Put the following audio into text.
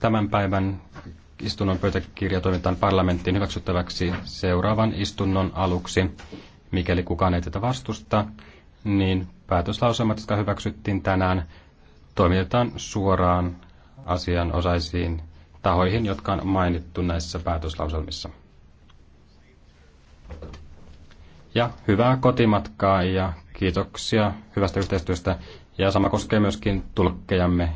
Tämän päivän istunnon pöytäkirja toimitetaan parlamenttiin hyväksyttäväksi seuraavan istunnon aluksi. Mikäli kukaan ei tätä vastusta, niin päätöslauselmat, jotka hyväksyttiin tänään, toimitetaan suoraan asianosaisiin tahoihin, jotka on mainittu näissä päätöslauselmissa. Ja hyvää kotimatkaa ja kiitoksia hyvästä yhteistyöstä. Ja sama koskee myöskin tulkkejamme